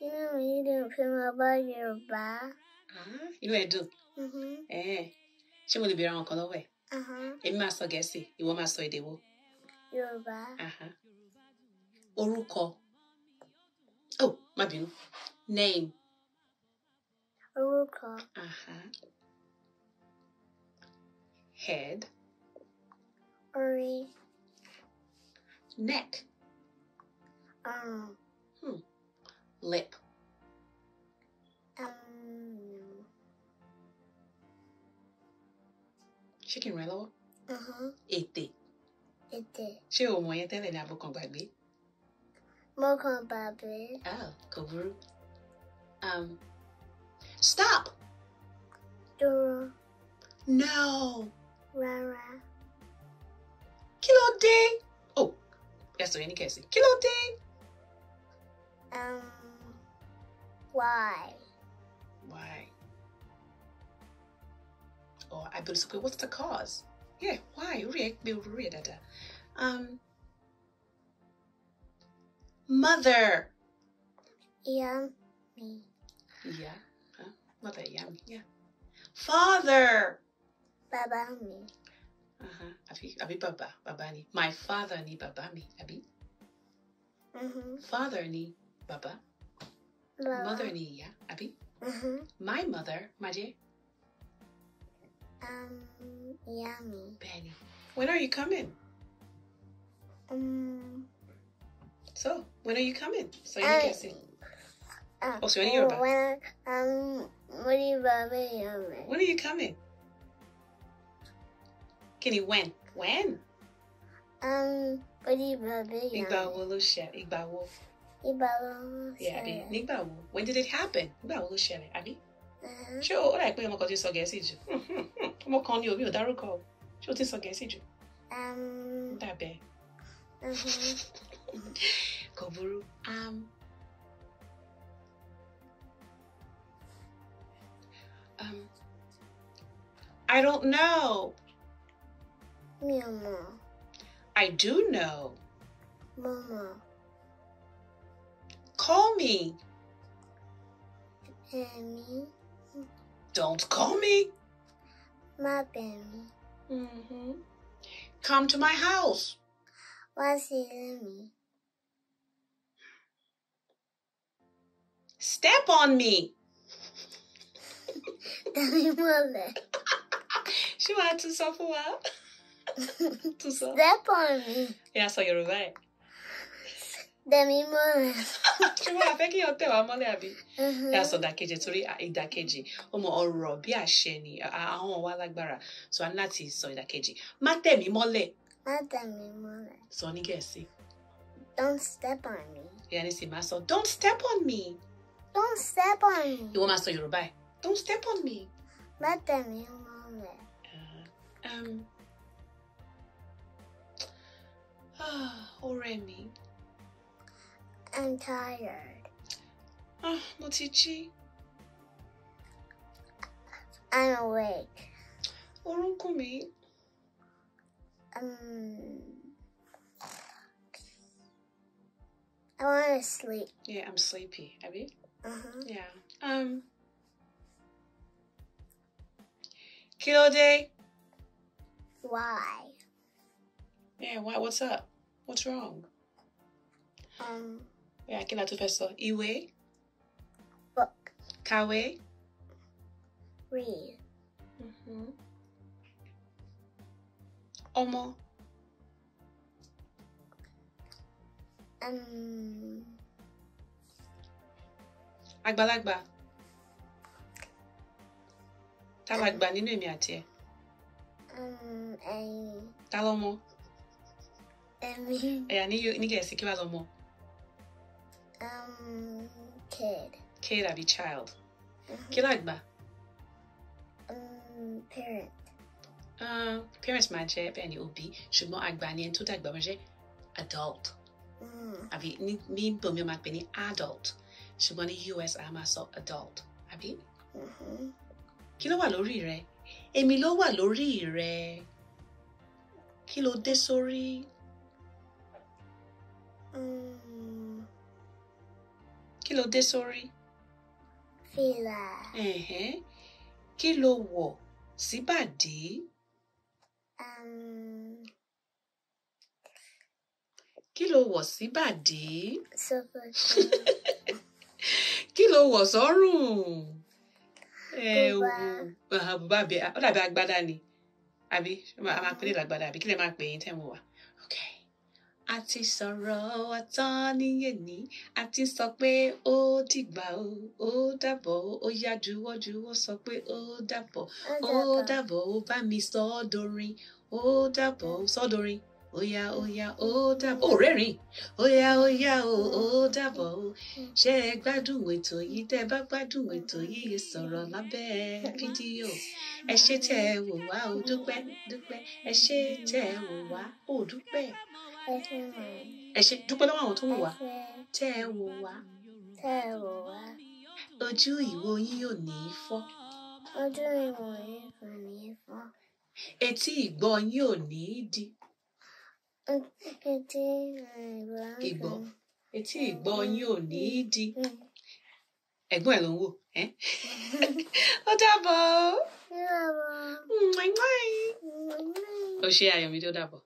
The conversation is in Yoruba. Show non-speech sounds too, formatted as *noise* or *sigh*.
You know, you didn't film about Yorùbá. Inú ẹ̀ dùn. Ṣé mo lè béèrè àwọn nǹkan lọ́wọ́ ẹ̀? Uh-huh. Èmi máa sọ Gẹ̀ẹ́sì, ìwọ máa sọ èdè wo? Uh-huh. Orúkọ. Oh, my bínú. Name. Orúkọ. Head. Orí. Neck. Um lip? Um. ṣé kí n ràn ẹ́ ètè. ètè. ṣé o mọ̀ yẹn tẹ́lẹ̀ ní abọ́kan gbàgbé? mo kàn gbàgbé. ah kò burú. Um, stop. dúró. no. rárá. kí ló oh ẹ̀sùn yẹn any case, kí ló Um. Why? Why? Or oh, I believe okay, what's the cause? Yeah, why? Eh? Eh, um Mother. Yummy. Yeah. Huh? Mother yummy, yeah. Father. Baba me. Uh-huh. Abi, abi baba, baba ni. My father ni baba mi, abi. Mm-hmm. Father ni baba. Mother ni ya, Abby. Uh-huh. My mother, my dear. Um, yummy. Benny. When are you coming? Um. So, when are you coming? So you're uh, guessing. Uh, oh, so when are um, you about? When, um, when are you coming? When are you coming? Kenny, when? When? Um, when are you coming? Igba wo ló ìgbà wo when did it happen nígbà wo ló ṣẹlẹ̀ àbí. Uh-huh. ṣé ó dà pé ọmọ kan ti sọ gẹ̀ẹ́sì jù hmm, hmm, hmm. ọmọ kan ni omi ò dárúkọ o daruko se o ti sọ gẹ̀ẹ́sì jù. Um, dàbẹ̀ uh-huh. *laughs* kò burú. Um, um, I don't know. Mi ò mọ̀. I do know. Mo mọ̀ call me. Mommy. Don't call me. Mommy. Mm hmm Come to my house. What's me? Step on me. *laughs* *laughs* she wanted to suffer well. *laughs* Step on me. Yeah, so you're right. de mi mọ́ra. tí wọ́n á fẹ́ kí ọtẹ wa mọ́lẹ̀ àbí. ẹ sọ ìdàkejì torí ìdàkejì ó mọ ọ̀rọ̀ bí àṣẹ ni àwọn wa lágbára so a ní láti sọ ìdàkejì má tẹ̀ mí mọ́lẹ̀. má tẹ̀ mí mọ́lẹ̀. sọ ní gẹ̀ẹ́sì. don't step on me. ìyá ní sì máa sọ don't step on me. don't step on me. ìwọ máa sọ yorùbá ẹ don't step on me. má tẹ̀ mí mọ́lẹ̀. ọ̀rẹ́ mi. I'm tired. Oh, ah, Motichi. I'm awake. Orokumi. Um, I want to sleep. Yeah, I'm sleepy. Abby? Uh-huh. Mm-hmm. Yeah. Um, day. Why? Yeah, why? What's up? What's wrong? Um. Bóyá kí la tún fẹ́ sọ? Ìwé. Book. Kàwé. Read. Mm-hmm. Ọmọ. Um. Àgbàlagbà. Ta la gbà nínú èmi àti ẹ? Um, ẹyin. Ta lọmọ? Èmi. Ẹ̀yà ní Gẹ̀ẹ́sì kí wàá lọmọ? Um, kid. Kid, I be child. Mm -hmm. Kilagba. Um, parent. Uh, parents máa jẹ́ bẹ́ẹ̀ ni òbí ṣùgbọ́n àgbà ni ẹni tó dàgbà máa jẹ́ adult. Mm. Àbí ní bòmí máa pè ní adult ṣùgbọ́n ní US a máa sọ adult. Àbí? Mm-hmm. Kí ló wà lórí rẹ? Èmi ló wà lórí rẹ. Kí ló dé sórí? Mm kí ló dé sórí? fìlà. ẹ̀hẹ́n kí ló wọ̀ síbàdí? Um, kí ló wọ̀ síbàdí? ṣòkòtò. *laughs* kí ló wọ̀ sọ́rùn? bùbá bùbá bẹ ọ dàbí agbádá ni àbí a máa pè é lágbádá àbí kí lè máa pè é tẹ́ ń wò a ti sọ̀rọ̀ wa tán níyẹnì a ti sọ pé ó dìgbà o ó dàbọ̀ ó yá juwọ́juwọ́ sọ pé ó dàbọ̀ ó dàbọ̀ ó bá mi sọ ọ́ dorin ó dàbọ̀ sọ dorin óyá óyá ó dàbọ̀ ó rẹ́rìn óyá óyá ó ó dàbọ̀ ó ṣé ẹ gbádùn ètò yìí tẹ́ ẹ bá gbádùn ètò yìí sọ̀rọ̀ lábẹ́ fídíò ẹ ṣé tẹ́ ẹ wò wá ó dúpẹ́ dúpẹ́ ẹ ṣé tẹ́ ẹ wò wá ó dúpẹ́ ẹ ṣe dúpẹ́ lọ́wọ́ àwọn tó wò wá tẹ́ ẹ wò wá. tẹ́ ẹ wò wá. ojú ìwo yín yóò ní í fọ́. ojú ìwo yín kò ní í fọ́. etí ìgbọ́ yín ò ní í di. etí ìgbọ́ etí ìgbọ́ yín ò ní í di. ẹ̀gbọ́n ẹ̀ ló ń wò ẹ́. *laughs* ó dàbọ̀ ó. ó dàbọ̀. o ṣe àyànmí tó dàbọ̀.